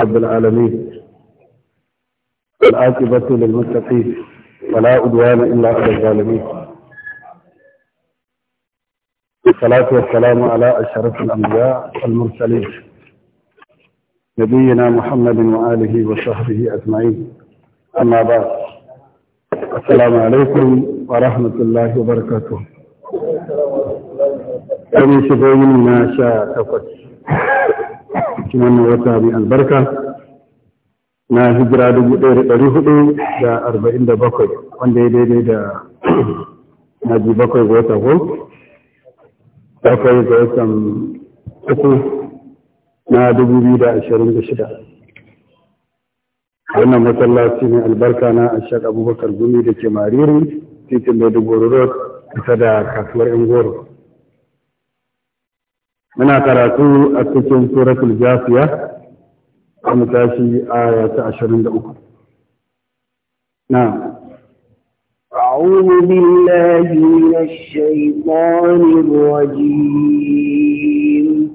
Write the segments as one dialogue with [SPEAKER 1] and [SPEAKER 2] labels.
[SPEAKER 1] رب العالمين العاقبة للمتقين ولا عدوان إلا على الظالمين الصلاة والسلام على أشرف الأنبياء والمرسلين نبينا محمد وآله وصحبه أجمعين أما بعد السلام عليكم ورحمة الله وبركاته. أنا شبابين ما شاء تقص. cikin wannan wata mai albarka na hijira dubu ɗaya da ɗari hudu da arba'in da bakwai wanda ya daidai da na ji bakwai ga wata hul bakwai ga watan uku na dubu biyu da ashirin da shida wannan masallaci ne albarka na ashaq abubakar gumi da ke mariri titin da dubu road kusa da kasuwar ingoro goro muna karatu a cikin suratul jafiya a mu tashi aya ta ashirin da uku na
[SPEAKER 2] أعوذ بالله من الشيطان الرجيم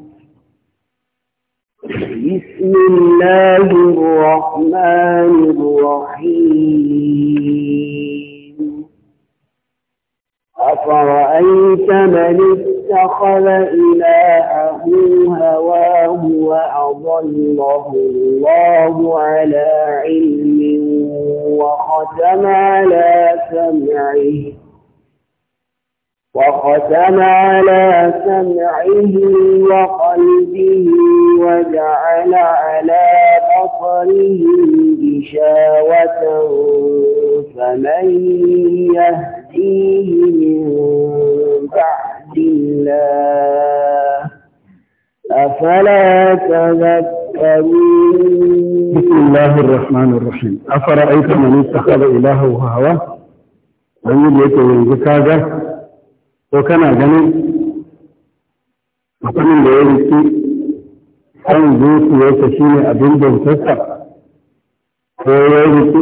[SPEAKER 2] بسم الله الرحمن الرحيم أفرأيت من اتخذ إلهه هواه وأضله الله على علم وختم على سمعه وختم على سمعه وقلبه وجعل على بصره غشاوة فمن يهدي يأتيه من بعد الله أفلا تذكرون بسم الله
[SPEAKER 1] الرحمن الرحيم أفرأيت من اتخذ إلهه هواه da yake yanzu kaga ko kana mutumin da ya riki kan zuciyarsa shi ne abin bautarsa ko ya riki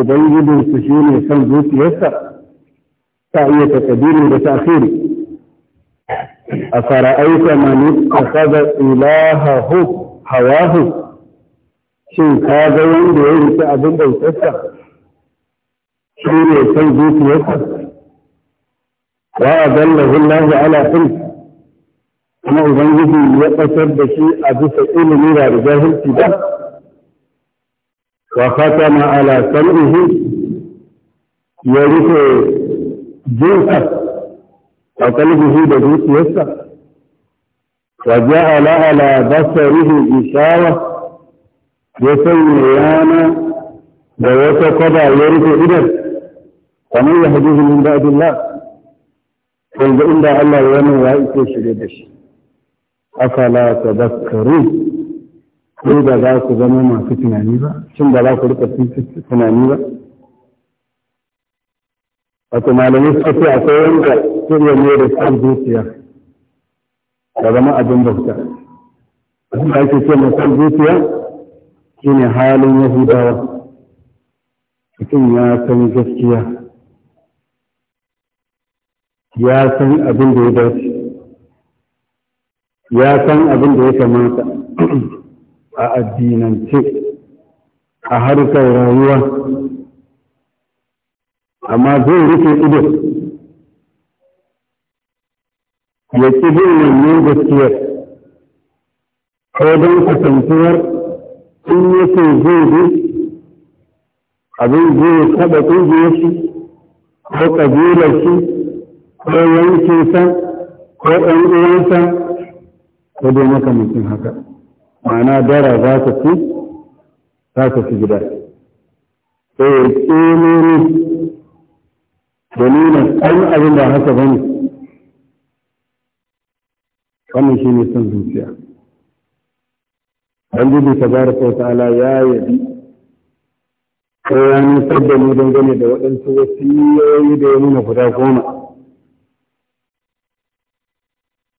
[SPEAKER 1] ubangijinsu shi ne kan zuciyarsa ta iya takadiri da ta'khiri afara'aita man ittakhadha ilahahu hawahu shin ka ga wanda ya rike abin bautarsa shi ne san zuciyarsa wa adallahu Allahu ala ilm kuma ubangiji ya ɓatar da shi a bisa ilimi ba da jahilci ba wa fatama ala sam'ihi ya rufe جنسه أقل جهود جنسيته وجعل على بصره إشارة يسمي ريانا
[SPEAKER 3] ويتقضى يرث إذن
[SPEAKER 1] ومن يهديه من بعد الله قل إلا الله يوم وعيك شريدش أفلا تذكرون إذا ذاك زمان ما في ثنانيبا ثم ذاك ذاك في ثنانيبا wato malamai suka ce akwai wanda shirya ne da san zuciya da zama abin bauta abin da ake ce mai san zuciya shine halin yahudawa mutum ya san gaskiya ya san abin da ya dace ya san abin da ya kamata a addinance a harkar rayuwa amma zai rufe ido ya ƙi bin wannan gaskiyar ko don kasantuwar in yake zai bi abin zai taɓa ƙungiyar shi ko ƙabilar shi ko yankinsa ko ɗan uwansa ko dai makamancin haka ma'ana dara za ka ci za ka ci gida sai ya ƙi dalilin an abin da haka ba ne wannan shi ne son zuciya an jibi ta bara ko ta'ala ya yabi ko ya nisar da mu dangane da waɗansu wasiyoyi da ya nuna guda goma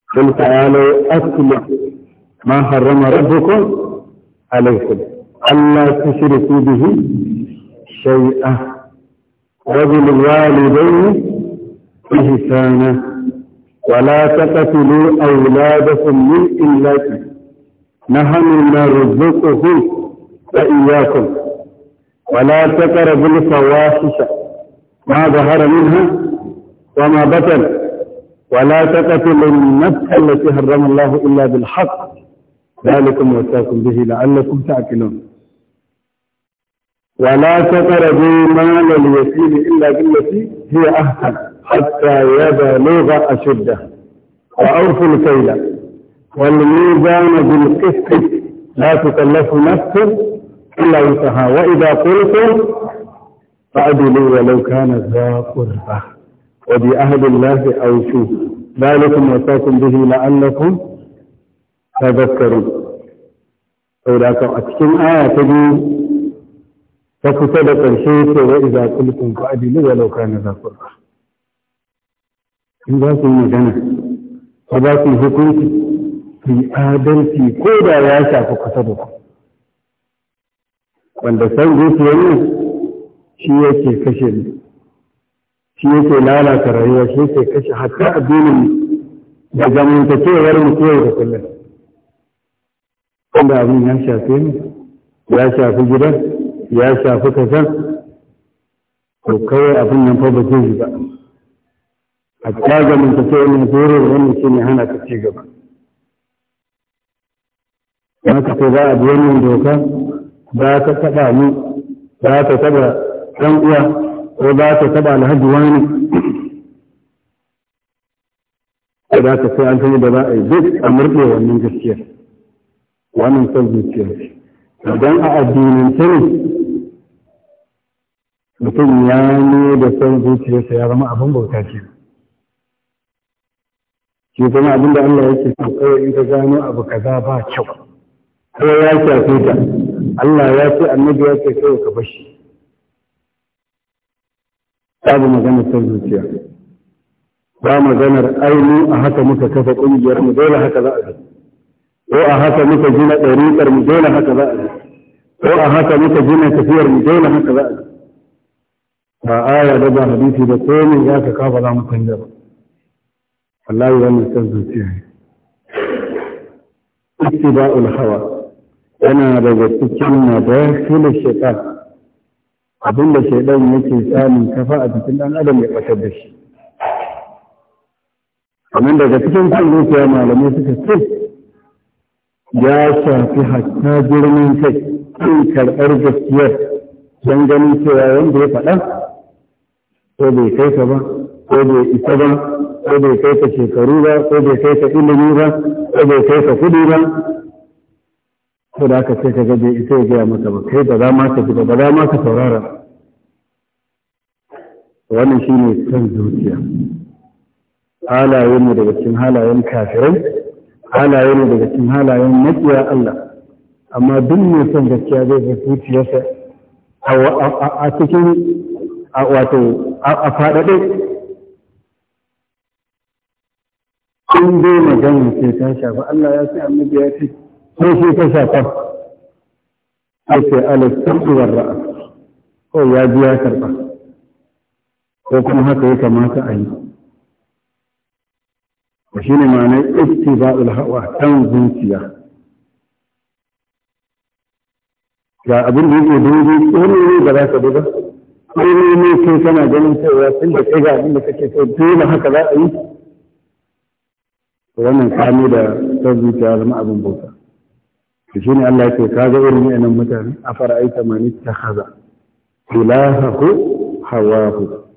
[SPEAKER 1] قل تعالوا أسمع ما حرم ربكم عليكم ألا تشركوا به شيئا وبالوالدين إحسانا ولا تقتلوا أولادكم من نهم نحن نرزقكم وإياكم ولا تقربوا الفواحش ما ظهر منها وما بطن ولا تقتلوا النفس التي حرم الله إلا بالحق ذلكم وساكم به لعلكم تعقلون ولا تقربوا مال اليتيم إلا بالتي هي أحسن حتى يبلغ أشده وأوفوا الكيل والميزان بالقسط لا تكلف نفس إلا وسعها وإذا قلتم فعدلوا ولو كان ذا قربى وبأهل الله أوفوا ذلكم وصاكم به لعلكم تذكرون. فإذا أتكم آية ta kusa da ƙarshe ce wa iza kulkun ku adilu wa lauka na zakurka in za su yi magana ko za su yi hukunci su yi adalci ko da ya shafi kusa da ku wanda san zuciyar ne shi yake kashe ne shi yake lalata rayuwa shi yake kashe hatta addinin da zamantakewar yau da kullum wanda abin ya shafe ne ya shafi gidan ya shafi kaza to kawai abin nan fa ba zai ba a tsagamin ta sai wannan zurar wannan shi ne hana ka ci gaba haka ko za a bi wannan doka za ta taɓa mu za ta taɓa ɗan uwa ko za ta taɓa alhaji wani da za ka sai an sani da za a yi duk a murɗe wannan gaskiyar wannan son zuciyar idan a addinin ne mutum ya ne da son zuciyarsa ya zama abin bauta ke shi kuma abin da Allah yake so kawai in ka gano abu kaza ba kyau ko ya shafe ta Allah ya ce annabi ya ce kawai ka bashi babu magana son zuciya ba maganar aini a haka muka kafa ƙungiyar mu dole haka za a zama ko a haka muka gina ɗariƙar mu dole haka za a yi ko a haka muka gina tafiyar mu dole haka za a yi ba aya da ba hadisi da komai ya ka kafa za mu canja ba wallahi wannan san zuciya ne ittiba'ul hawa yana daga cikin madakhilul shaitan abinda shaitan yake samun kafa a cikin dan adam ya fatar da shi amma daga cikin kan zuciya malamai suka ce ya shafi hatta girman kai kan karɓar gaskiyar don ganin cewa wanda ya faɗa ko bai kai ka ba ko bai isa ba ko bai kai ka shekaru ba ko bai kai ka ilimi ba ko bai kai ka kuɗi ba ko da aka ce ka ga isa ya gaya maka ba kai ba za ma ka gida ba za ma ka saurara wannan shi ne kan zuciya halayen mu daga cikin halayen kafirai halaye ne daga cikin halayen makiya Allah amma duk mai son gaskiya zai ga zuciyarsa a cikin wato a faɗaɗe in dai magana ce ta shafa Allah ya ce annabi ya ce sai shi ta shafa sai ce alif sarki ra'a ko ya ji ya karɓa ko kuma haka ya kamata a yi shi ne ma'anar ittiba'ul hawa ɗan zuciya ga abin da yake daidai tsoroni da za ka duba tsoroni ne kai kana ganin cewa tun da kai ga abin da kake so dole haka za a yi wannan kame da son zuciya zama abin bauta da shi ne Allah ya ka ga irin wa'annan mutane a fara'aita mani ta haza ilaha ko hawa ku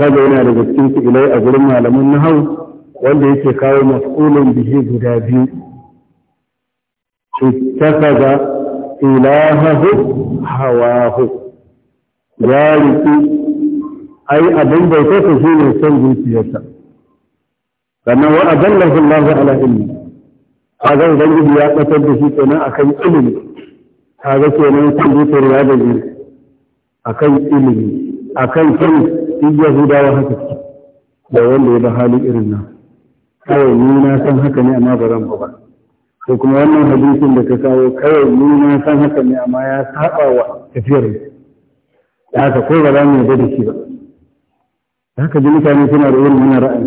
[SPEAKER 1] kada yana daga cikin ilai a gurin na hau, wanda yake kawo maf'ulun bihi guda biyu ittakhadha ilahahu hawahu ya riki
[SPEAKER 3] ai abin bautarsa shi ne son
[SPEAKER 1] zuciyarsa sannan wa adallahu Allah ala ilmi kaga ubangiji ya kasar da shi kenan akan ilimi kaga kenan son zuciyar ya da akan ilimi akan kansa duk yahudawa haka ce da wanda ya ba hali irin na kawai ni na san haka ne amma ba zan ba ba ko kuma wannan hadisin da ka kawo kawai ni na san haka ne amma ya saba wa tafiyar mu da haka ko ba za mu yarda da shi ba da haka ji mutane suna da irin wannan ra'ayi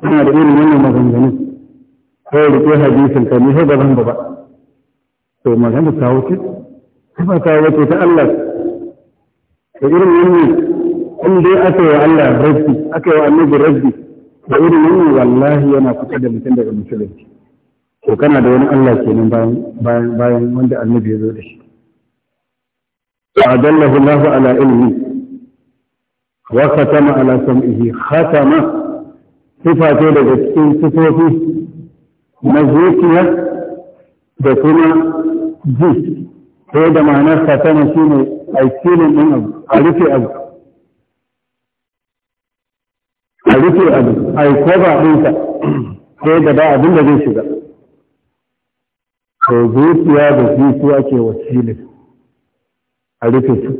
[SPEAKER 1] suna da irin wannan maganganun kawai da ke hadisin ka ni sai ba zan ba ba to maganar ta wuce ta ba ta wuce ta Allah da irin wannan in dai aka yi Allah rabbi aka yi annabi rabbi da irin wannan wallahi yana fita da mutum daga musulunci to kana da wani Allah kenan bayan bayan bayan wanda annabi ya zo da shi adallahu Allah ala ilmi wa khatama ala sam'ihi khatama sifa da daga cikin sifofi na da kuma ji ko da ma'anar khatama shine aikinin din abu a rufe abu a rufe abu a yi koba ɗinsa sai da ba abin da zai shiga to zuciya da zuciya ke wasilin a rufe su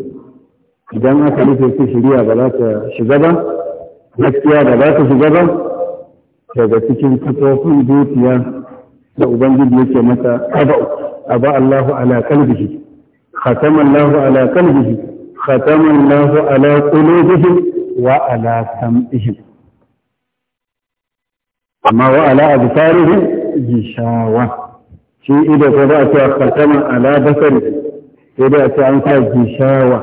[SPEAKER 1] idan aka rufe su shirya ba za ta shiga ba gaskiya ba za ta shiga ba daga cikin kutofin zuciya da ubangiji yake mata aba ba Allahu ala qalbihi khatama Allahu ala qalbihi khatama Allahu ala qulubihim wa ala sam'ihim amma wa ala absarihim gishawa shi ido ko ba a cewa khatama ala basari sai dai a ce an sa gishawa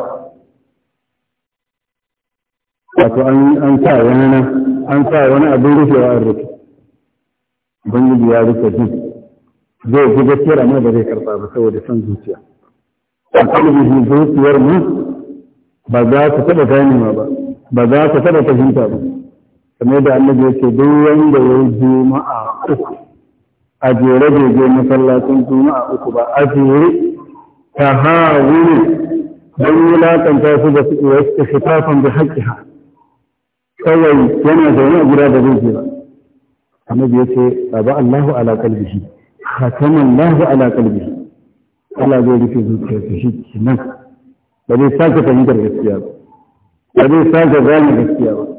[SPEAKER 1] wato an an sa wani an sa wani abin rufewa an rufe ubangiji ya rufe duk zai ji gaskiyar amma ba zai karba ba saboda son zuciya a kalbihi zuciyar mu ba za ta taɓa ganewa ba ba za ta taɓa fahimta ba kamar da annabi ya ce duk wanda ya yi juma'a uku a jere bai je masallacin juma'a uku ba a jere ta hawuri don wulaƙanta su da su iya fitafan da ha kawai yana zaune a gida da zai je ba annabi ya ce ba Allahu ala kalbihi khatama Allahu ala kalbihi Allah zai rufe zuciyarsa shi kenan ba zai sake fahimtar gaskiya ba ba zai sake gane gaskiya ba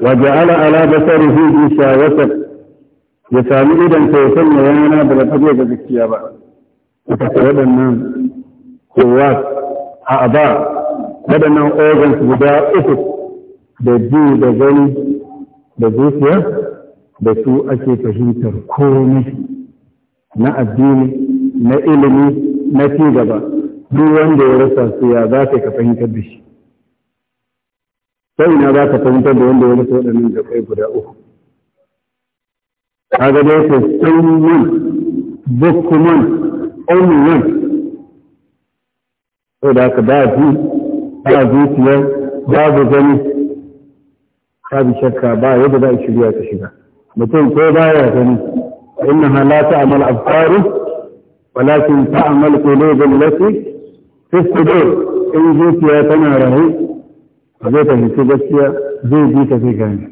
[SPEAKER 3] wa ja'ala ala basarihi ishawatan
[SPEAKER 1] ya sami idon sai sanya yana da ba zai ga gaskiya ba ita ce waɗannan kowa a ba waɗannan organs guda uku da ji da gani da zuciya da su ake fahimtar komai na addini na ilimi na ci gaba duk wanda ya rasa su ya za ka fahimtar da shi sai na za ka fahimtar da wanda ya rufe waɗannan kai guda uku kaga dai ko sauyin bukuman ƙaunin sau da aka ba ji ba zuciya babu gani babu shakka ba yadda za a shirya ta shiga mutum ko baya gani إنها لا تعمل أبصار ولكن تعمل قلوب التي في الصدور إن zuciya tana تناره zai fahimci gaskiya zai bi ta zai gane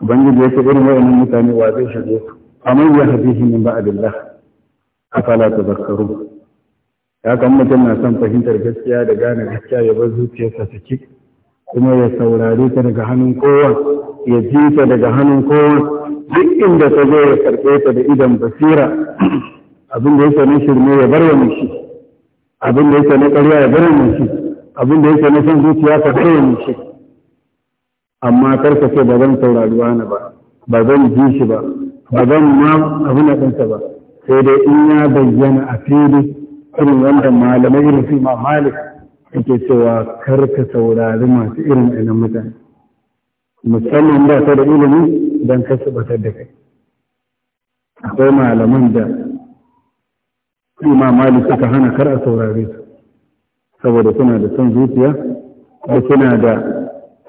[SPEAKER 1] ubangiji ya ce irin wayannan mutane wa zai shige su amma ya hadihi min ba'dillah afala tadhakkarun ya kan mutum na son fahimtar gaskiya da gane gaskiya ya bar zuciyarsa ciki kuma ya saurare ta daga hannun kowa ya ji ta daga hannun kowa duk inda ta zo ya karɓe ta da idan basira
[SPEAKER 3] abin da yake na shirme ya bar wa shi abin da yake na ƙarya ya bar wa shi abin da yake nufin zuciya ka ne shi
[SPEAKER 1] amma karka ce ba zan saurari wani ba ba zan ji shi ba ba zan ma abin da ɗansa ba sai dai in ya bayyana a fili irin wanda malamai irin fi ma malik yake cewa karka saurari masu irin ɗanan mutane musamman ba ta da ilimi don kasu batar da kai
[SPEAKER 3] akwai malaman da
[SPEAKER 1] fi ma malik suka hana kar a saurare su saboda suna da son zuciya ko suna da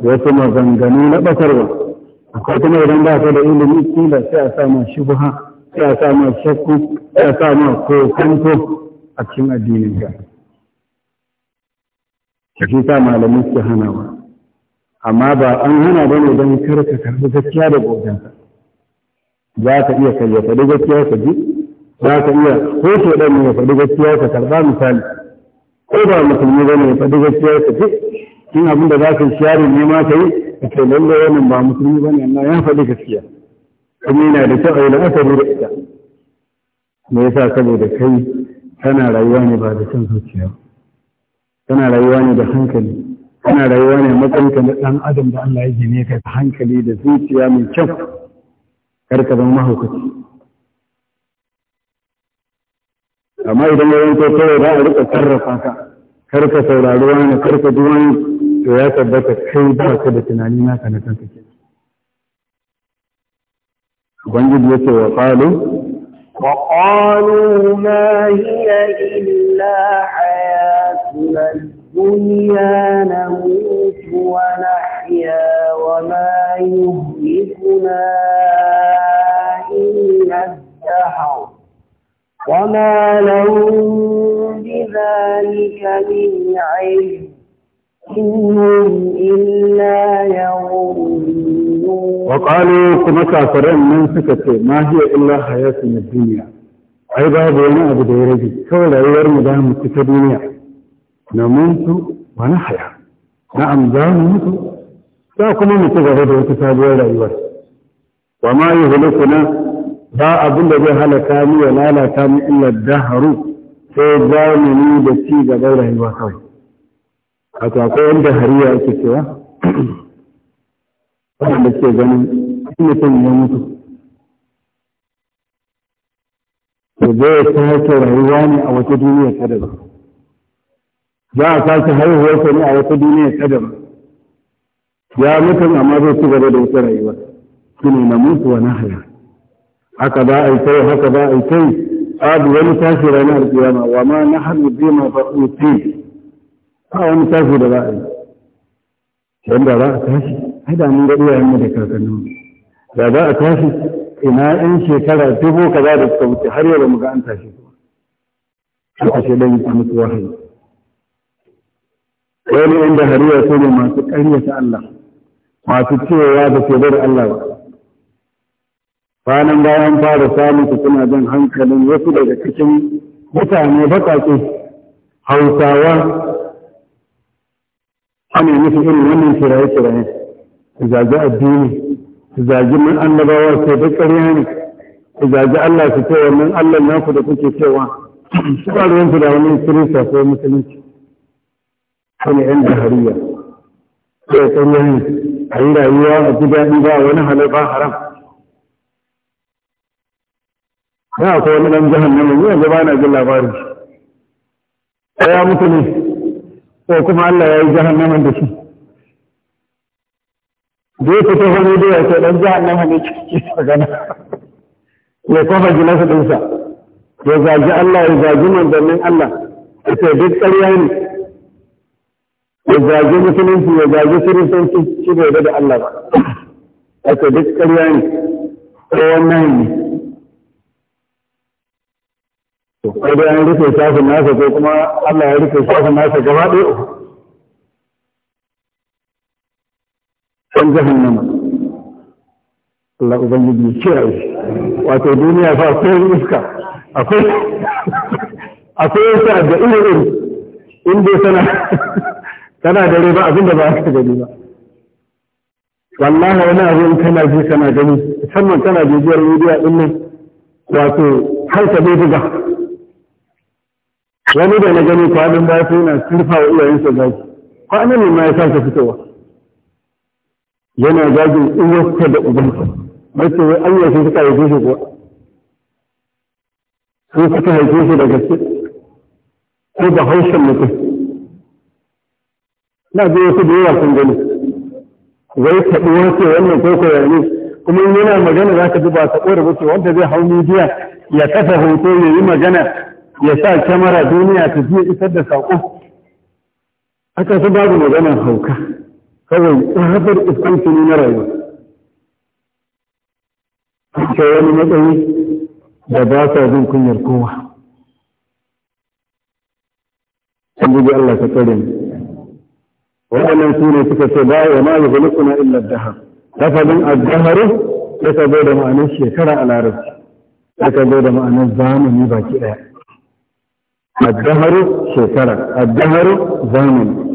[SPEAKER 1] wasu maganganu na ɓatarwa akwai kuma idan ba ka da ilimi kila sai a sama shubha sai a sama shakku sai a sama kokanto a cikin addinin ka shi sa malamin suke hanawa amma ba an hana ba ne don kar ka karbi gaskiya da ka. za ka iya kayyafa ya faɗi gaskiya ka ji za ka iya ko to ɗan ya faɗi gaskiya ka karɓa misali ko ba musulmi ba ne faɗi gaskiya ka ce in abin da za ka share ne ma ka yi ka ce lallai wannan ba musulmi ba ne amma ya faɗi gaskiya kuma yana da kyau a yi la'akari da ita me yasa saboda kai kana rayuwa ne ba da son zuciya kana rayuwa ne da hankali kana rayuwa ne matsayinka na ɗan adam da Allah ya gine ka hankali da zuciya mai kyau kar ka zama mahaukaci amma idan ya yanko kawai za a rika sarrafa ka kar ka saurari wani kar ka ji wani to ya tabbata kai ba ka da tunani naka na kanka ke ubangiji ya ce wa qalu
[SPEAKER 2] wa qalu ma hiya illa hayatuna الدنيا نموت ونحيا وما يهلكنا إلا الدهر وما لهم بذلك من علم إنهم إلا يغرون
[SPEAKER 1] وقالوا كما كافرين من سكت ما هي إلا حياتنا الدنيا أي باب وانا أبو ديرجي كولا يرمي دام الدنيا نموت ونحيا نعم دام نموت لا كما نتغفر وتساب ولا يوار وما يهلكنا ba abin da zai halaka ni ya lalata ni illa daharu sai zamani da ci gaban rayuwa kawai a akwai wanda hariya ake cewa wanda ke ganin mutum ya mutu da zai sake rayuwa ne a wata duniya ta daban za a sake haihuwarsa ne a wata duniya ta daban ya mutum amma zai ci gaba da wata rayuwa shi ne na mutu wa na haya haka ba a yi kai haka ba a yi kai babu wani tashi ranar kiyama wa ma na hannu bima ba uti ba wani tashi da za a yi wanda za a tashi ai da mun ga iyayenmu da kakanninmu da za a tashi ina in shekara dubu kaza da suka wuce har yau da muga an tashi su a shedan yi mutu wahayi wani inda hariya su ne masu ƙaryata Allah masu cewa ba su da Allah ba kwanan bayan fara samun su suna jan hankalin wasu daga cikin mutane baƙaƙe hausawa ana musu irin wannan kiraye-kiraye su zagi addini su zagi mun annabawa sai da ƙarya ne su zagi Allah su ce wannan Allah naku da kuke cewa su ba ruwansu da wani kirista ko musulunci ne yan ko ya ƙarya ne a yi rayuwa a ji daɗi ba wani halal ba haram na akwai wani ɗan jahannama yi yanzu ba na jin labarin shi ya mutu ne ko kuma Allah ya yi jahannaman da shi zai ku ta hannu da ya ce ɗan jahannama ne ciki gana ya gina su ɗinsa ya zagi Allah ya zagi manzannin Allah ya ce duk ƙarya ne ya zagi musulunci ya zagi kiristanci shi bai da Allah ba ya ce duk ƙarya ne ko wannan ne to ko da an rufe shafin nasa ko kuma Allah ya rufe shafin nasa gaba ɗaya kan jahannama Allah ubangiji ya kiyaye wato duniya fa akwai iska akwai akwai yasa da irin in dai sana Tana da riba abinda ba ka gani ba wallahi wani abin kana ji kana gani musamman kana bibiyar bidiyo din nan wato har ka bai buga wani da na gani kwanan ba su yana turfa wa iyayensa zaki kwanan ne ma ya sake fitowa yana zagin uwarsa da ubansa mace wai Allah sun suka haife shi kuwa sun suka haife shi da gaske ko da haushin mutum na ji wasu da yawa sun gani wai taɓuwar ce wannan ko ko yanzu kuma yana magana za ka ji ba saɓo da wanda zai hau midiya ya kasa hoto ya yi magana ya sa kyamara duniya ta fiye isar da saƙo aka su babu magana hauka kawai tsabar iskan ne na rayuwa ake wani matsayi da ba sa jin kunyar kowa an gudu Allah ka tsare mu waɗannan su ne suka ce ba wa suna illar illa daha dahr lafazin ad-dahr ya zo da ma'anar shekara a larabci ya zo da ma'anar zamani baki ɗaya الدهر شكرا الدهر زمن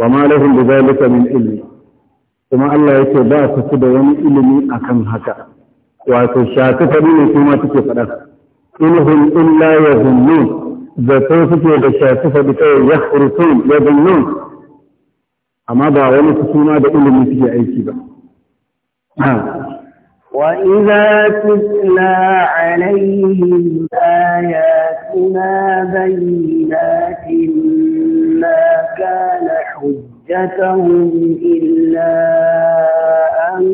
[SPEAKER 1] وما لهم بذلك من علم كما الله yake ba su su da wani ilimi akan haka wato shafi fari ne kuma take faɗa ilhum illa yazunnun zato suke da shafi fari kawai ya furtun yazunnun amma ba wani su suna da ilimi suke aiki ba
[SPEAKER 2] وإذا تتلى عليهم آياتنا بينات ما كان حجتهم إلا أن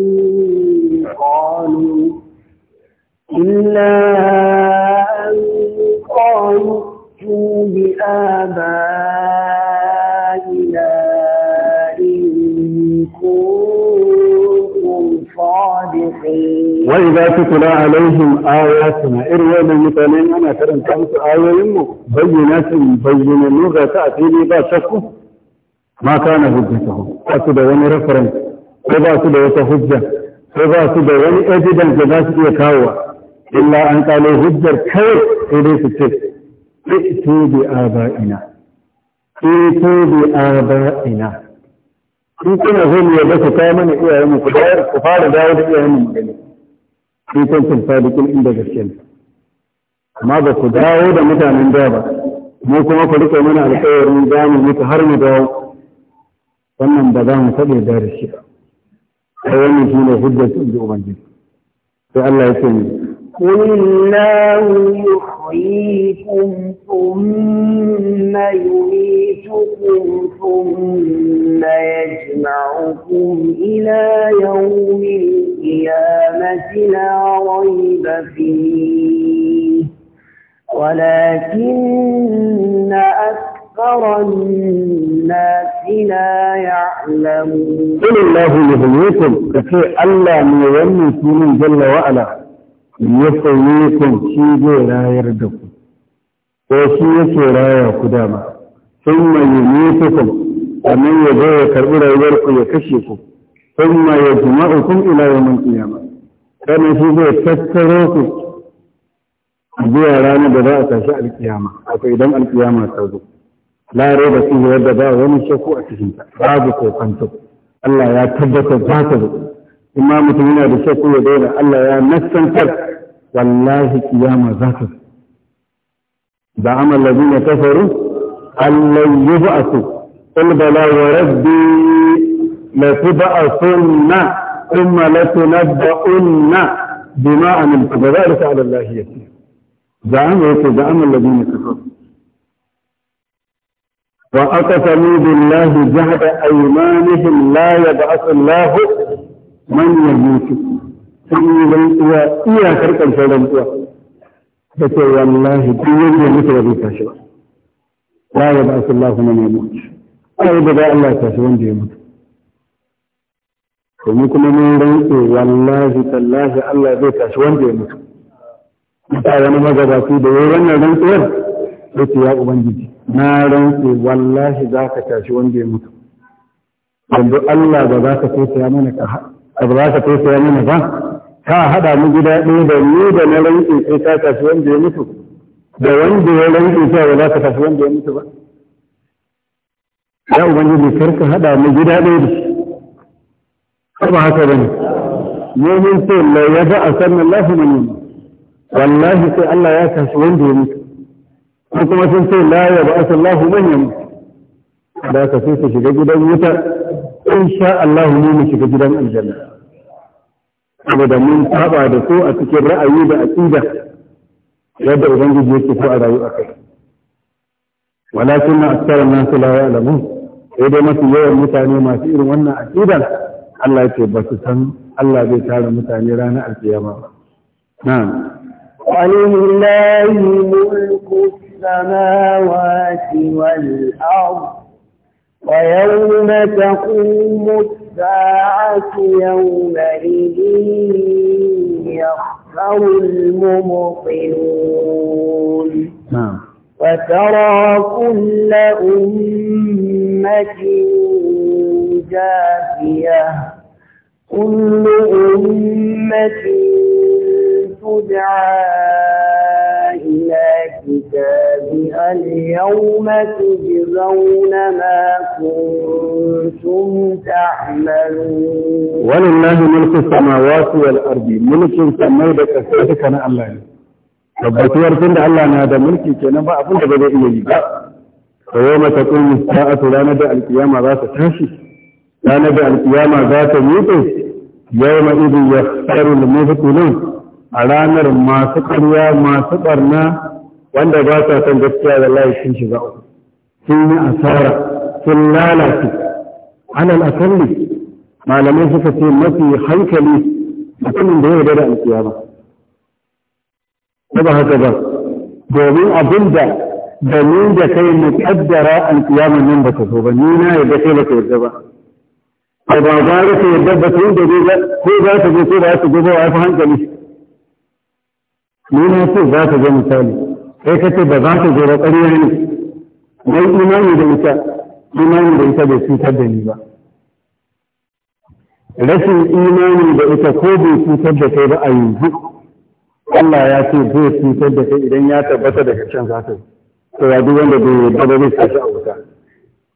[SPEAKER 2] قالوا إلا أن قالوا ائتوا بآبائهم wa idza tutla alaihim
[SPEAKER 1] ayatuna irin wannan mutane ana karanta musu ayoyin mu bayyinatin bayyinanu ga ta asiri ba shakku ma kana hujjatuhum ba su da wani reference ko ba su da wata hujja ko ba su da wani evidence da za su iya kawowa illa an kalo hujjar kawai sai dai su ce kawo mana ku fara dawo da iyayen mu in kuntum sadiqin inda gaskiya amma ba ku dawo da mutanen da ba mu kuma ku rike mana alƙawarin za mu mutu har mu dawo wannan ba za mu taɓa da da shi ba wannan shi ne hujjar ubangiji sai Allah ya ce ni
[SPEAKER 2] يحييكم ثم يميتكم ثم يجمعكم إلى يوم القيامة لا ريب فيه ولكن أكثر الناس لا يعلمون قل الله يحييكم
[SPEAKER 1] فكي ألا من يولي جل وعلا ya sauye kan shi zai rayar da ku ko shi yake raya ku dama sun mai kan sannan ya zo ya karɓi rayuwar ku ya kashe ku sun mai ya jima'u kun ila yamin kiyama kana shi zai tattaro ku zuwa ranar da za a tashi alkiyama akwai idan alkiyama ta zo lare da su yadda ba wani shakku a cikinta babu kokanta Allah ya tabbatar za ta zo in ma mutum yana da kyau ko ya daina Allah ya nassantar wallahi kiyama za ta da amal ladina kafaru allan yub'asu qul bala wa rabbi la tub'asunna thumma la tunabba'unna bima amiltu wa dhalika 'ala allahi yasir da amal yake da amal ladina kafaru wa aqsamu billahi jahda aymanihim la yab'ath allahu man ya mutu sun yi rantsuwa iyakar ƙarshen rantsuwa da ce wallahi duk wanda ya mutu ba zai tashi ba la ya ba su Allah kuma mai mutu ai da ba Allah ya tashi wanda ya mutu domin kuma mun rantse wallahi tallahi Allah zai tashi wanda ya mutu ta wani magabaci da ya wannan rantsuwar ya ce ya ubangiji na rantse wallahi za ka tashi wanda ya mutu yanzu Allah ba za ka ya mana ka da ba za ka tausaya mana ba ka haɗa mu gida ɗaya da ni da na rantsi sai ka tafi wanda ya mutu da wanda ya rantsi sai ba za ka tafi wanda ya mutu ba ya ubangiji kar ka haɗa mu gida ɗaya da shi ba haka ne. ne mun ce la yaba asanna ne. min wallahi sai Allah ya tafi wanda ya mutu kuma sun ce la yaba asanna lahu min da ka sai ka shiga gidan wuta in sha Allah ne mu shiga gidan aljanna saboda mun saba da ko a cikin ra'ayi da aqida yadda ubangiji yake so a rayu akai walakin aktsara nas la ya'lamun sai dai mafi yawan mutane masu irin wannan aqida Allah yake ba su san Allah zai tara mutane ranar alkiyama ba na'am
[SPEAKER 2] ولله ملك السماوات والأرض ويوم تقوم الساعة يومئذ يخسر المبطلون نعم. وترى كل أمة جافية كل أمة تدعى إلى اليوم تجزون ما كنتم تعملون ولله ملك
[SPEAKER 1] السماوات والأرض ملك سمي da kasai kana Allah ne tabbatuwar tun da Allah na da mulki kenan ba abin da ba zai iya yi ba Ta yau mata kun sa'atu ranar da alkiyama za ta tashi ranar da alkiyama za ta mutu yau ma idin ya tsarul mubtilun a ranar masu karya masu ɓarna wanda ba sa son gaskiya wallahi sun shiga uku sun yi asara sun lalace alal akalli malamai suka ce mafi hankali mutumin da ya yarda da alkiyama ba haka ba domin abin da da ni da kai mu kaddara alƙiyama nan ba ka zo ba ni na yarda kai ba ka yarda ba a ba ba ka yarda ba tun da ne ko za ta zo ko ba ta zo ba wa hankali ni na ce za ta zo misali sai ka ce ba za ka zo ƙarya ne na yi imani da ita imani da ita bai cutar da ni ba rashin imani da ita ko bai cutar da kai ba a yanzu Allah ya ce zai cutar da kai idan ya tabbata daga can za ta yi to ya duk wanda bai yarda ba zai sashi a wuta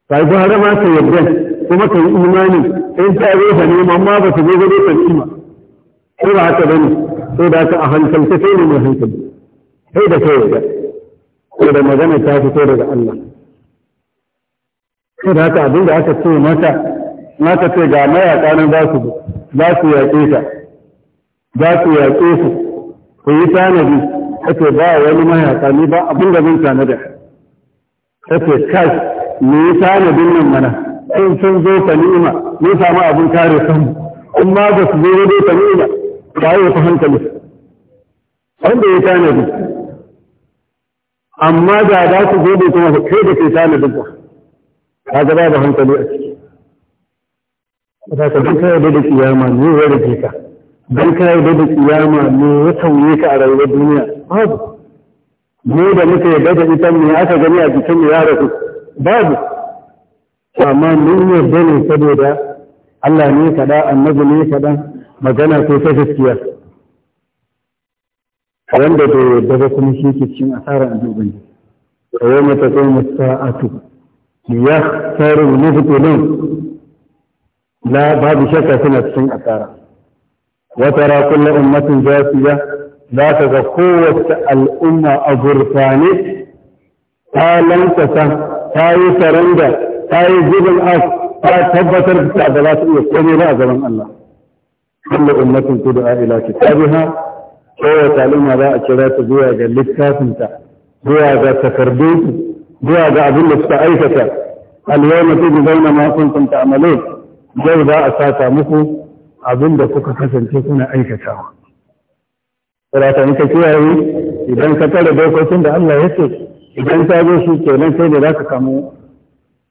[SPEAKER 1] sai ga har ma ta yarda kuma ka yi imani in ta zo ta neman ma ba ta zo gado ta nima ko ba haka bane sai da aka a hankalta sai ne mai hankali sai da kai yarda da magana ta fito daga Allah ko da haka abinda aka ce mata mata ce ga mayaƙa nan za su za su yaƙe ta za su yaƙe su ku yi tanadi kace ba wani mayaƙa ni ba abin da zan tanada kace kai ni yi tanadin nan mana in sun zo ta ni'ima ni samu abin kare kanmu in ma ba su zo ta ni'ima ba yi fi hankali wanda ya tanadi amma da za ku gode kuma ku kai da ke tana duk ka gaba da hankali a ciki ba ka duk kai da kiyama ne ya rage ka dan kai da kiyama ne ya tauye ka a rayuwar duniya babu ne da muke yarda da ita ne aka gani a jikin ya rasu babu amma mun yarda ne saboda Allah ne kaɗa, annabi ne kaɗa, magana ko ta gaskiya wanda bai yarda ba kuma shi ke cin asara a dubin a yau mata kai musa'atu ya tsari ne fitilun
[SPEAKER 3] la babu shakka suna cikin asara
[SPEAKER 1] wata ra kullu ummatin jasiya za ta ga kowace al'umma a gurfane ta lantasa ta yi saranda ta yi zubin as ta tabbatar da ba za su iya komai ba a gaban Allah kullu ummatin tud'a ila kitabiha kowace al'umma za a kira ta zuwa ga littafinta zuwa ga takardunsu zuwa ga abin da suka aikata alwama ta ji zauna ma sun kun ta'amale yau za a sata muku abin da kuka kasance kuna aikatawa sarata muka kiyaye idan ka tare dokokin da Allah ya ce idan ka zo shi nan sai da ka samu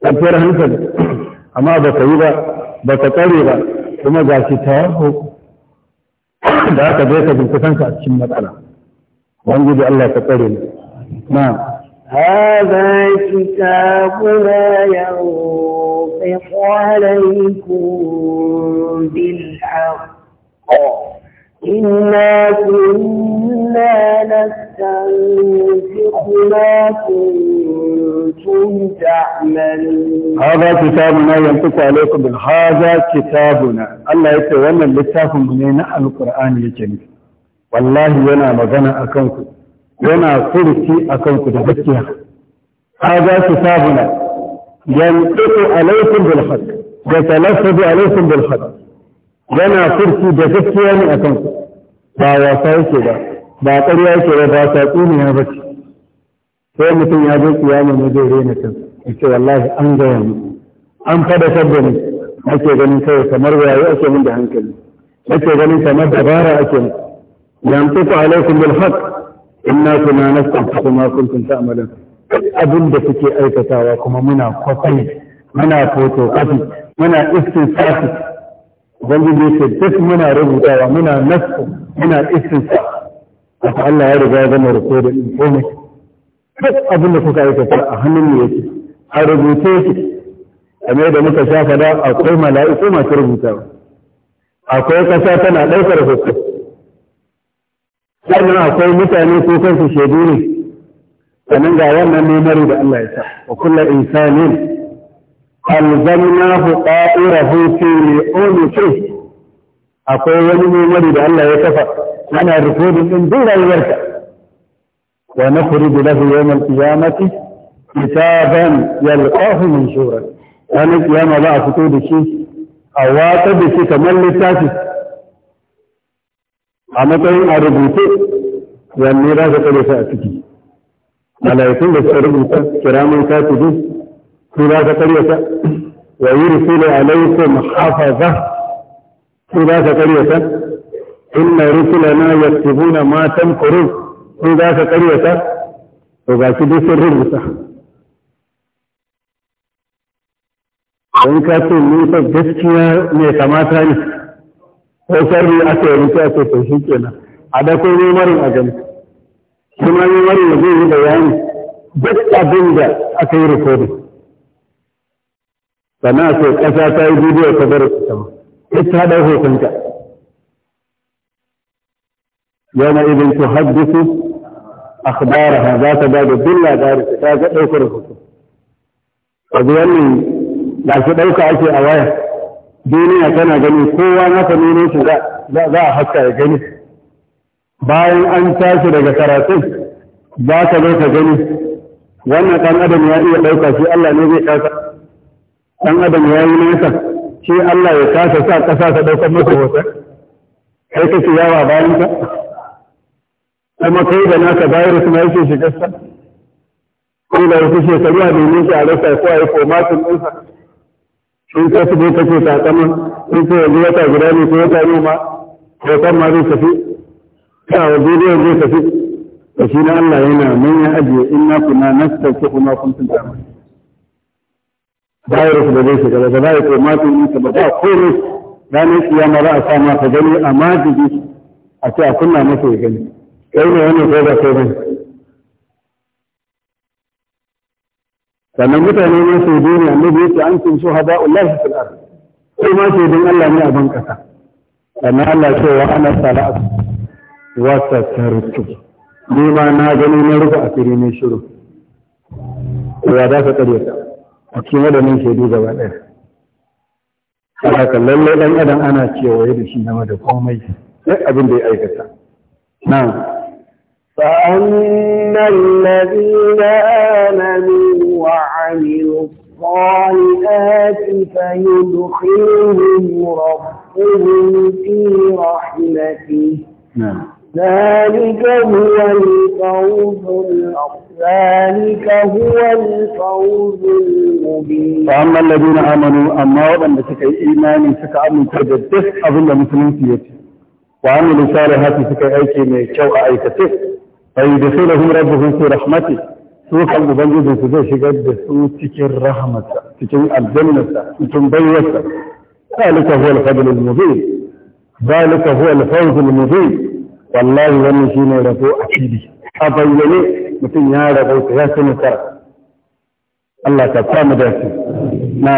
[SPEAKER 1] tafiyar hankali amma ba ka yi ba ba ka tsare ba kuma ga shi ta da aka je ka jinta kanka a cikin matsala wani Allah ka tsare ni na
[SPEAKER 2] هذا كتابنا ينطق عليكم بالحق إنا كنا نستنسخ ما كنتم تعملون هذا كتابنا ينطق
[SPEAKER 1] عليكم هذا كتابنا الله يتوانا لتاكم منينا القرآن يجنب والله ينا مغنى أكنكم ينا قرسي أكنكم دفتها هذا كتابنا ينطق عليكم بالحق يتلفظ عليكم بالحق yana furci da gaskiya ne akan ku ba wasa yake ba ba ƙarya yake ba ba saƙo ne ya bace sai mutum ya zo kiyama ne zai rena kan yace wallahi an gaya mu an fadakar da ni ake ganin kawai kamar wayo ake min da hankali ake ganin kamar dabara ake min yantiku alaikum bil haqq inna kunna nastaghfiru ma kuntum ta'malun abin da suke aikatawa kuma muna kwafai muna fotokafi muna iskin istinsafi ubangiji ya ce duk muna rubutawa muna nasu muna isinsa wata Allah ya riga ya gama da ɗin komai duk abin da kuka aikata a hannun yake a rubuce yake kamar yadda muka sha fada akwai mala'iku masu rubutawa akwai ƙasa tana ɗaukar hukum sannan akwai mutane ko kansu shaidu ne sannan ga wannan ne mari da Allah ya sa wa kullu insanin alzamnahu qa'irahu fi li'unfi akwai wani memori da Allah ya kafa ana rikodin din duk rayuwarka wa nakhriju lahu yawm al-qiyamati kitaban yalqahu manshura wani kiyama za a fito da shi a wata da shi kamar littafi
[SPEAKER 3] a matsayin a rubutu yanni za ka tsare
[SPEAKER 1] a ciki malaikun da suka rubuta kiramin katibi su za ka tsare wa yursilu alaykum hafaza su za ka karyata inna rusulana yaktubuna matan tamkurun su za ka karyata to ga shi duk sun rubuta don ka ce musa gaskiya mai kamata ne ko sarri aka yi a aka to shi kenan a da ne marin a gani kuma marin da zai yi bayani duk abin da aka yi rikodin sannan a ce ƙasa ta yi bidiyo ta bar sama ita haɗa hotonta yana idan to haddisu akhbaraha za ta ba da duk labarin ta ga ɗaukar hoto yanzu wannan da su ɗauka ake a waya duniya tana gani kowa nasa nuna shi za a haska ya gani bayan an tashi daga karatun za ka zo ka gani wannan ɗan adam ya iya ɗauka shi Allah ne zai ɗauka ɗan adam ya yi nesa, shi Allah ya kasa sa ƙasa ta ɗaukar masa wata kai kake yawa bayan ka kuma kai da naka virus na yake shiga sa ko da wasu shekaru a nemi shi a rasa ko a yi komatin ɗinsa in ka su ne kake takama in ka yanzu wata guda ne ko wata
[SPEAKER 3] noma ko kan ma zai tafi
[SPEAKER 1] ka wa bidiyon zai tafi da shi na Allah yana nan ya ajiye inna kuna nasta ko kuma kun tunta mai virus da zai shiga ba za ya ko matin ɗinka ba ba komai ranar kiyama za a sa ma gani a majigi a ce a kunna masa ya gani kai ne wannan ko ba kai ba sannan mutane ne su je ne annabi yace an kun shuha ba Allah fil ard kai ma ce dan Allah ne a ban kasa sannan Allah ce wa ana sala'at wa satartu ni ma na gani na rufe asiri ne shiru to ya da ka kare ta a cikin waɗannan shaidu gaba ɗaya haka lalle ɗan adam ana kewaye da shi game da komai duk abin da ya aikata na
[SPEAKER 2] فأما الذين آمنوا وعملوا الصالحات فيدخلهم ربهم في رحمته ذلك هو الفوز ذلك هو الفوز المبين فأما الذين آمنوا
[SPEAKER 1] أما وأن سكى إيمان سكى أمن تجدس أظن مسلمتي وعملوا صالحات سكى أيكي من شوء أيكته
[SPEAKER 2] فيدخلهم
[SPEAKER 1] ربهم في رحمته su kan ubangijin su zai سوتك الرحمة su الجنة rahamarsa cikin ذلك هو الفضل المبين ذلك هو الفوز المبين wallahi wannan shi ne rabo a fili a bayyane mutum ya rabo ta ya sami kara Allah ta kwa madarsu na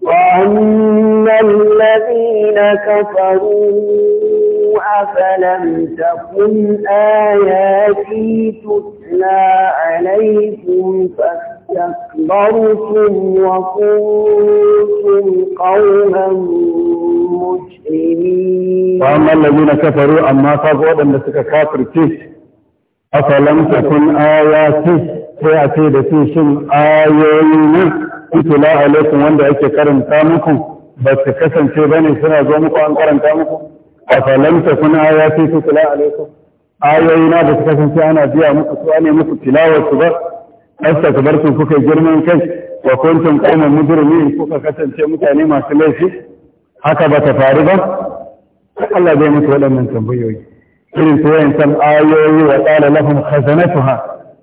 [SPEAKER 2] wannan labina kafaru kun takun ayati tutla alaikum fasa استكبرتم وكنتم قوما مجرمين وأما الذين كفروا أما فقوا أن لك كافر
[SPEAKER 1] كيس أفلم تكن آياتي سيأتي بسيشن آيين اتلا عليكم وأن أكي تامكم بس كسن شيباني سنة زومكم أن تامكم أفلم تكن آياتي تتلا عليكم آيين بس كسن شيئانا بيها مكتواني مكتلاوة سبق astagfirku kuka girman kai wa kuntum qauman mujrimin kuka kasance mutane masu laifi haka ba ta faru ba Allah zai mutu waɗannan tambayoyi irin to yayin san ayoyi wa qala lahum khazanatuha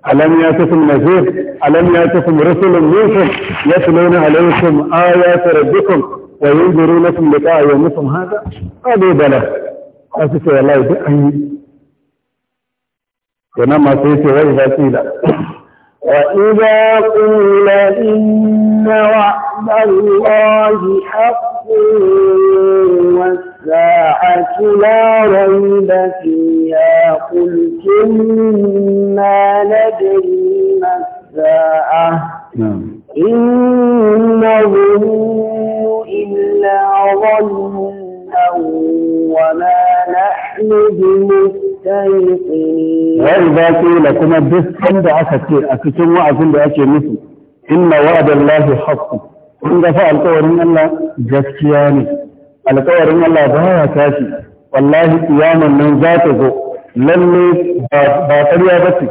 [SPEAKER 1] alam yatukum nazir alam yatukum rusulun minkum yatluna alaykum ayati rabbikum wa yunzirunakum liqa'a yawmikum hadha qad bala asu ce wallahi duk an yi wannan ma sai ce wai ba
[SPEAKER 2] وإذا قيل إن وعد الله حق والساعة لا ريب فيها قلتم ما ندري ما الساعة نعم. إن نظن إلا ظنا وما نحن بمسلمين مستيقنين وإذا قيل كما
[SPEAKER 1] دستن دا أكثر أكثر وعظم دا أكثر مثل إن وعد الله حق kun ga fa alƙawarin Allah gaskiya ne alƙawarin Allah ba ya tashi wallahi kiyaman nan za ta zo lalle ba ƙarya ba ce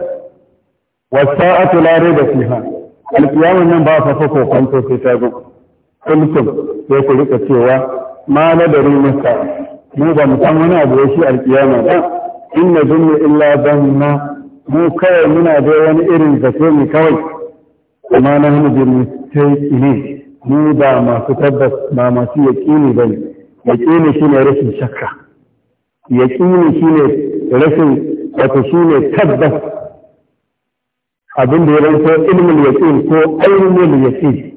[SPEAKER 1] wa sa'atu la rayba fiha alƙiyaman nan ba fa ko kwanto sai ta zo kulkum sai ku rika cewa ma na dari masa mu ba mu san wani abu shi alƙiyama ba in na zunnu illa zanna mu kawai muna da wani irin zato ne kawai amma na hannu bin ni mu ba masu tabbas ba masu yaƙini ba ne yaƙini shi ne rashin shakka yaƙini shi ne rashin wato shi ne tabbas abin da ya ranto ilmin yaƙin ko ainihin yaƙin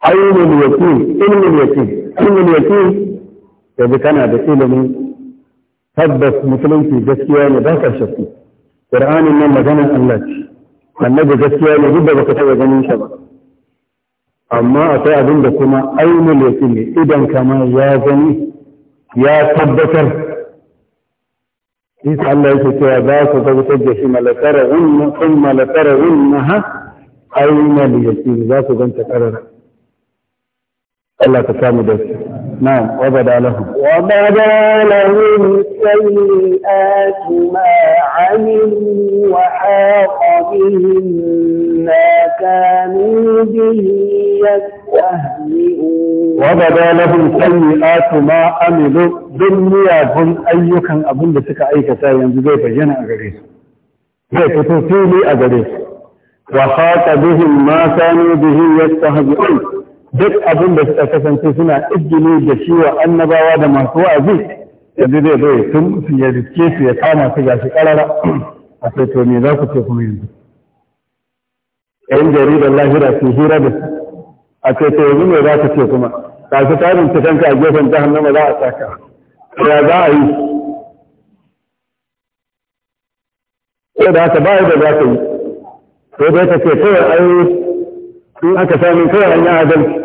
[SPEAKER 1] ainihin yaƙin ilmin yaƙin ilmin yaƙin yanzu kana da ilimin tabbas musulunci gaskiya ne ba ka shakku qur'anin nan maganar Allah ce annabi gaskiya ne duk da baka taba ganin shi ba amma akwai abin da kuma ainihin yake ne idan kama ya gani ya tabbatar isa Allah yake cewa za su gabatar da shi malakara wunna sun malakara wunna ha ainihin yake za su ganta karara الله تسامي دوسي نعم وبدا لهم
[SPEAKER 2] وبدا لهم سيئات ما عملوا وحاق بهم ما كانوا به يستهزئون وبدا لهم سيئات
[SPEAKER 1] ما عملوا دنيا هم اي كان ابن بسك اي كتاب ينزل فجنا اغريس هي توفي لي اغريس وحاق بهم ما كانوا به يستهزئون duk abin da suka kasance suna izgili da shi wa annabawa da masu wa'azi yanzu zai zo tun su ya riske su ya kama su ga shi karara a sai to me za ku ce kuma yanzu yan jaridar lahira su hira da a sai to yanzu me za ku ce kuma ka su tarin ta kanka a gefen jahannama za a saka ya za a yi sai da haka ba yi da za ka yi sai dai ka ce kawai ai in aka sami kawai an yi adalci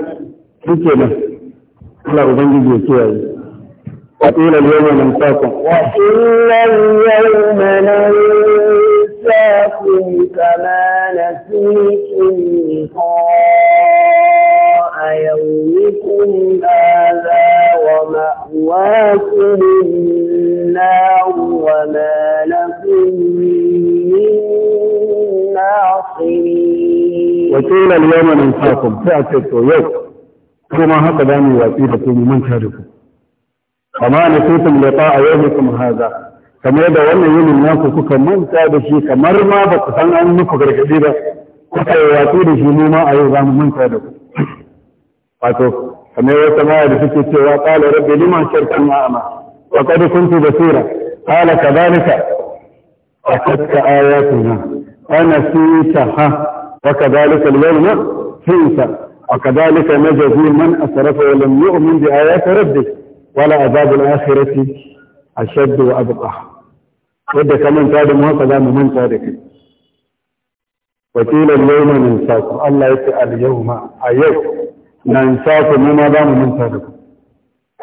[SPEAKER 1] shi ke nan Allah Ubangiji ya kiyaye وقيل اليوم ننساكم
[SPEAKER 2] وقيل اليوم ننساكم كما نسيتم لقاء يومكم هذا ومأواكم النار وما لكم من ناصرين وقيل اليوم ننساكم
[SPEAKER 1] فأتيت يوم كما هكا داني واتي كما من تاركم فما نسيتم لقاء يومكم هذا كما يدى وانا يوم الناس كوكا من تاركي كمرمى بقصان انكو كركبيرا كوكا واتي لشي موما ايضا من تاركم فاتو كما يوم سماء رفكي سوا قال ربي لما شركنا اما وقد كنت بصيرا قال كذلك أخذت آياتنا ونسيتها وكذلك اليوم تنسى وكذلك نجزي من أسرف ولم يؤمن بآيات ربه ولا عذاب الآخرة أشد وأبقى وده كمان تعلم هو كلام من تارك وقيل اليوم ننساكم الله يقول اليوم أيوم ننساكم وما دام من تارك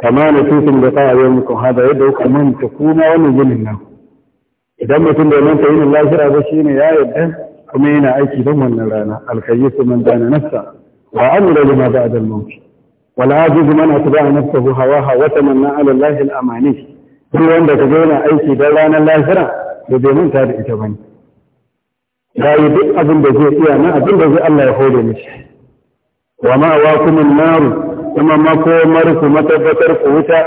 [SPEAKER 1] كما نتيتم لقاء يومكم هذا يدعو كمان تكون ونزل جنه إذا ما تنبع من تعين الله شرع بشين يا يده kuma yana aiki don wannan rana alkayyisu man dana nafsa wa amira lima ba'da al-maut wal ajizu man atba'a nafsahu hawaha wa tamanna 'ala allahi amani duk wanda ka ga yana aiki don ranar lahira da bai manta da ita bane ya yi duk abin da zai iya na abin da zai Allah ya hore mishi wa ma wa kuma naru kuma makomar ku matabbatar ku wuta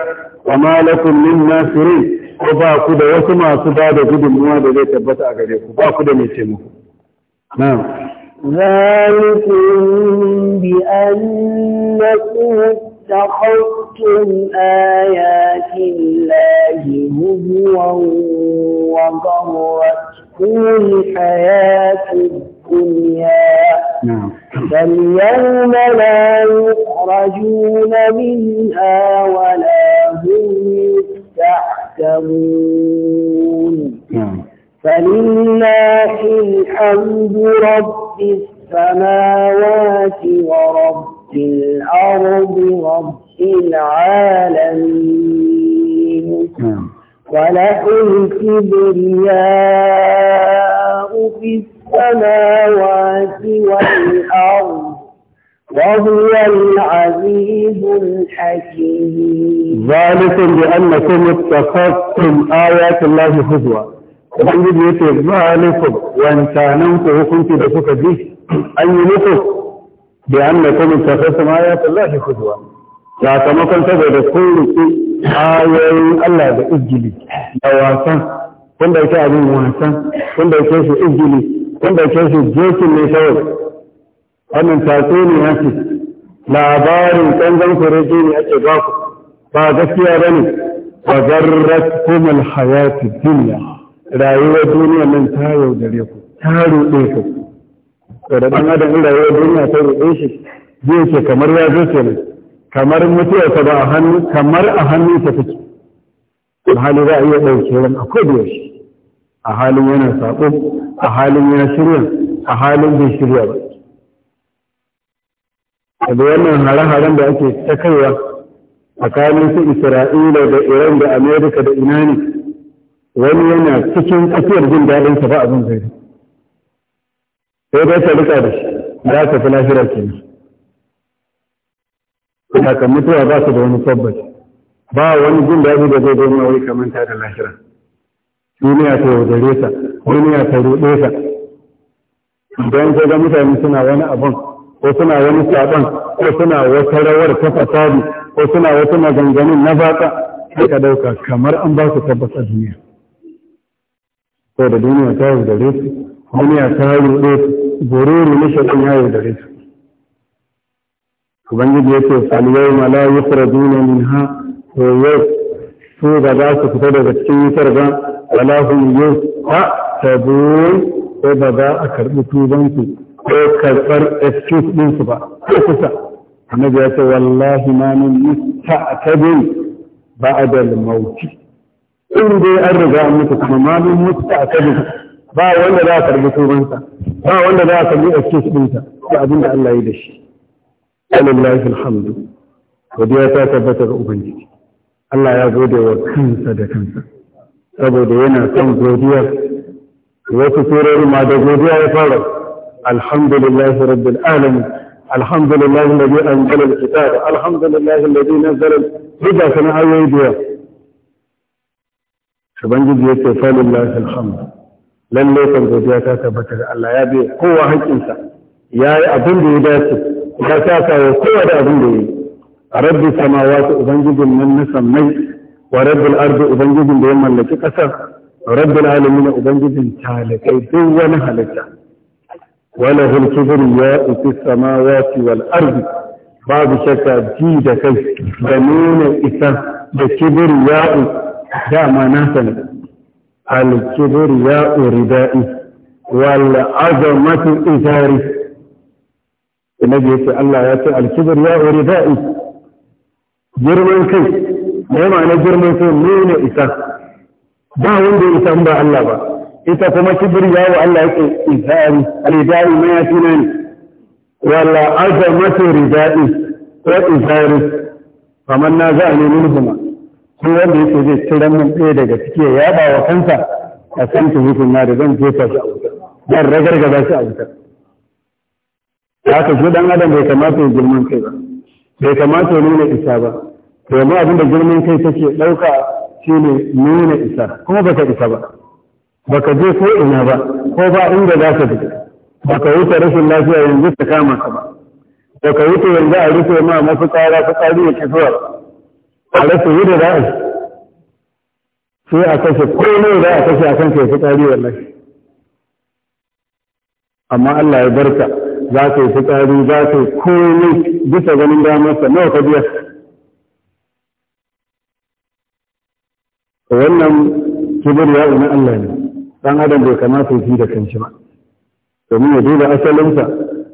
[SPEAKER 1] wa ma lakum min nasirin ko ba ku da wasu masu ba da gudunmuwa da zai tabbata a gare ku ba ku da mai taimako
[SPEAKER 2] نعم ذلكم بأنكم اتخذتم آيات الله هزوا وغرتكم الحياة الدنيا نعم فاليوم لا يخرجون منها ولا هم يستحكمون نعم فلله الحمد رب السماوات ورب الأرض رب العالمين نعم. وله الكبرياء في السماوات والأرض وهو العزيز الحكيم ذلك بأنكم اتخذتم آيات الله هزوا ubangiji ya ce zalikum
[SPEAKER 1] wancanan ku hukunci da suka ji an yi muku da an da kuma tafasa ma ya tallahi kuduwa sakamakon saboda kun riƙi ayoyin Allah da izgili da wasan kun dauke abin wasan kun dauke shi izgili kun dauke shi jokin ne kawai wannan tatsuniya ce labarin kanzon kurege ne ake ba ku ba gaskiya bane wa zarrat kumul hayatid dunya rayuwar duniya nan ta yaudare ku ta ruɗe ku to da ɗan adam rayuwar duniya ta ruɗe shi zai ce kamar ya zo kenan kamar ta ba a hannu kamar a hannu ta take a halin za a iya ɗauke ran a shi. a halin yana saƙo, a halin ya shirya a halin bai shirya ba da wannan hare-haren da ake ta kaiwa tsakanin su isra'ila da iran da amerika da ina ne wani yana cikin tsakiyar jin daɗin sa ba abin zai sai dai ta rika da shi za ka fi lafiyar kenan kakan mutuwa ba su da wani tabbas ba wani jin daɗi da zai zama wai kamanta da lahira duniya ta yaudare sa duniya ta ruɗe sa idan ka ga mutane suna wani abun ko suna wani saɓon ko suna wata rawar ta fasadi ko suna wata maganganun na baka sai ka ɗauka kamar an ba su tabbas a duniya sau da duniya ta yaudare su duniya ta ruɗe su gururu na shaɗin ya yaudare su ubangiji ya ce faliyar ma la yukhrajuna minha to yau su ba za su fita daga cikin wutar ba wala Ha ta tabun ko ba za a karɓi tubansu ko karɓar excuse ɗinsu ba ko kusa annabi ya ce wallahi ma min musta'tabin ba'da al-mauti in dai an riga an mutu kuma malin mutu a kaji ba wanda za a karbi tubansa ba wanda za a karbi excuse ɗinsa da abin da Allah ya da shi alillahi alhamdu godiya ta tabbata ga ubangiji Allah ya gode wa kansa da kansa saboda yana son godiya wasu turori ma da godiya ya fara alhamdulillahi rabbil alamin alhamdulillahi alladhi anzala alkitaba alhamdulillahi alladhi nazzala al-hujja kana ayoyi ubangiji ya ce falin lafil hamd Lallai kan godiya ta tabbata ga Allah ya biya kowa haƙƙinsa ya yi abin da ya dace ya sa kawo kowa da abin da ya yi a rabbi sama samawati ubangijin nan na sammai wa rabbi ardi ubangijin da ya mallaki ƙasar rabbil alamin ubangijin talakai duk wani halitta wala hul kibriya fi samawati wal ardi babu shakka ji da kai da nuna isa da ya kibriya dama na sani alkibir ya urida'i wal azamatu izari annabi yace Allah ya ce alkibir ya urida'i girman kai mai ma'ana girman kai nuna isa ba wanda ya isa ba Allah ba ita kuma kibir ya wa Allah ya yake izari ridai ma ya tuna ne wala azamatu ridai wa izari Kamar na za a nemi huma duk wanda yake zai cire min ɗaya daga ciki ya ba wa kansa a san ta hukun na da zan jefa shi a
[SPEAKER 3] wutar zan gaba shi
[SPEAKER 1] a wutar haka shi dan adam bai kamata ya girman kai ba bai kamata ya nuna isa ba to amma abin da girman kai take ɗauka shi ne nuna isa kuma baka isa ba baka je ko ina ba ko ba inda za ka Ba baka wuce rashin lafiya yanzu ta kama ka ba baka wuce yanzu a rufe ma mafi tsara ta ƙari ya ki zuwa a rasa yadda za a sai a kashe komai za a kashe a kan kai fitsari wallahi amma Allah ya barka za ka yi fitsari za ka yi komai bisa ganin damarsa nawa ka biya wannan kibir ya na Allah ne dan adam bai kamata ya da kanshi ba domin ya duba asalinsa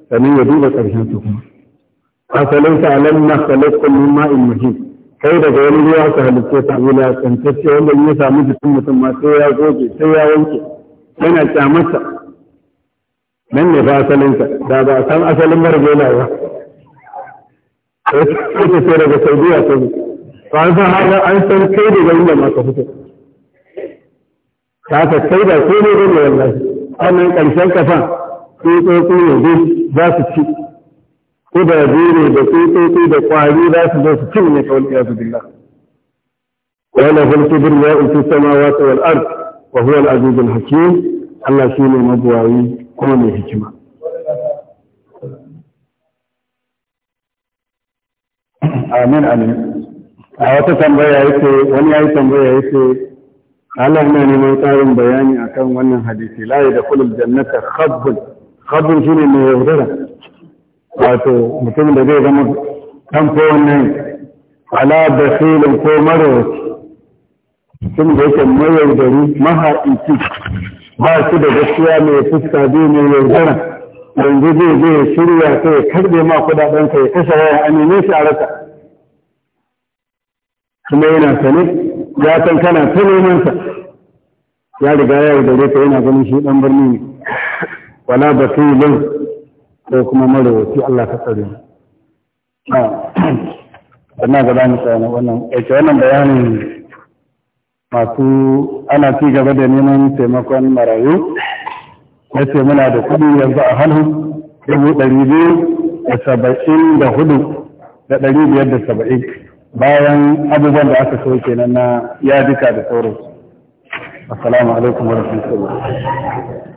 [SPEAKER 1] sannan ya duba ƙarshen su kuma asalinsa alam na khalaqakum min ma'in kai daga wani ruwa ka halitta ta wula tantacce wanda ya samu jikin mutum ma sai ya goge sai ya wanke yana kyamarsa nan ne ba asalinka da ba san asalin margela ba sai sai daga saudiya ta zo ba an san haka an san kai daga inda ma ka fito ta ka kai da ko ne ne wallahi wannan ƙarshen kafan sai tsotsi ne za su ci kudaje ne da tsotsotsi da kwari za su zo su cinye ka wani iyazu billah wala hul kibir ya uti samawati wal ard wa huwa al aziz al hakim Allah shine mabuwayi kuma mai hikima amin amin a wata tambaya yake wani yayi tambaya yake Allah na neman tsarin bayani akan wannan hadisi la da kulul jannata khabbun khabbun shine mai yaudara wato mutum da zai zama kan kowane wannan ala da filin ko marawaci mutum da yake mayaudari mahaɗinci ba su da gaskiya mai fuska biyu mai yaudara yanzu zai zai ya shirya ta ya karbe ma kuɗaɗenka ya kashe waya a neme shi a rasa kuma yana sane ya san kana ta nemansa ya riga ya yaudare ta yana ganin shi ɗan birni ne wala basilin ko kuma marowaci Allah ka tsare wannan gaba mu tsaya wannan ƙarshe eh, wannan bayanin masu ana ci gaba da neman taimakon marayu ya ce muna da kuɗi yanzu a hannu dubu ɗari biyu da saba'in da hudu da ɗari biyar da saba'in bayan abubuwan da aka so kenan na yadika da sauransu assalamu alaikum wa rahmatullahi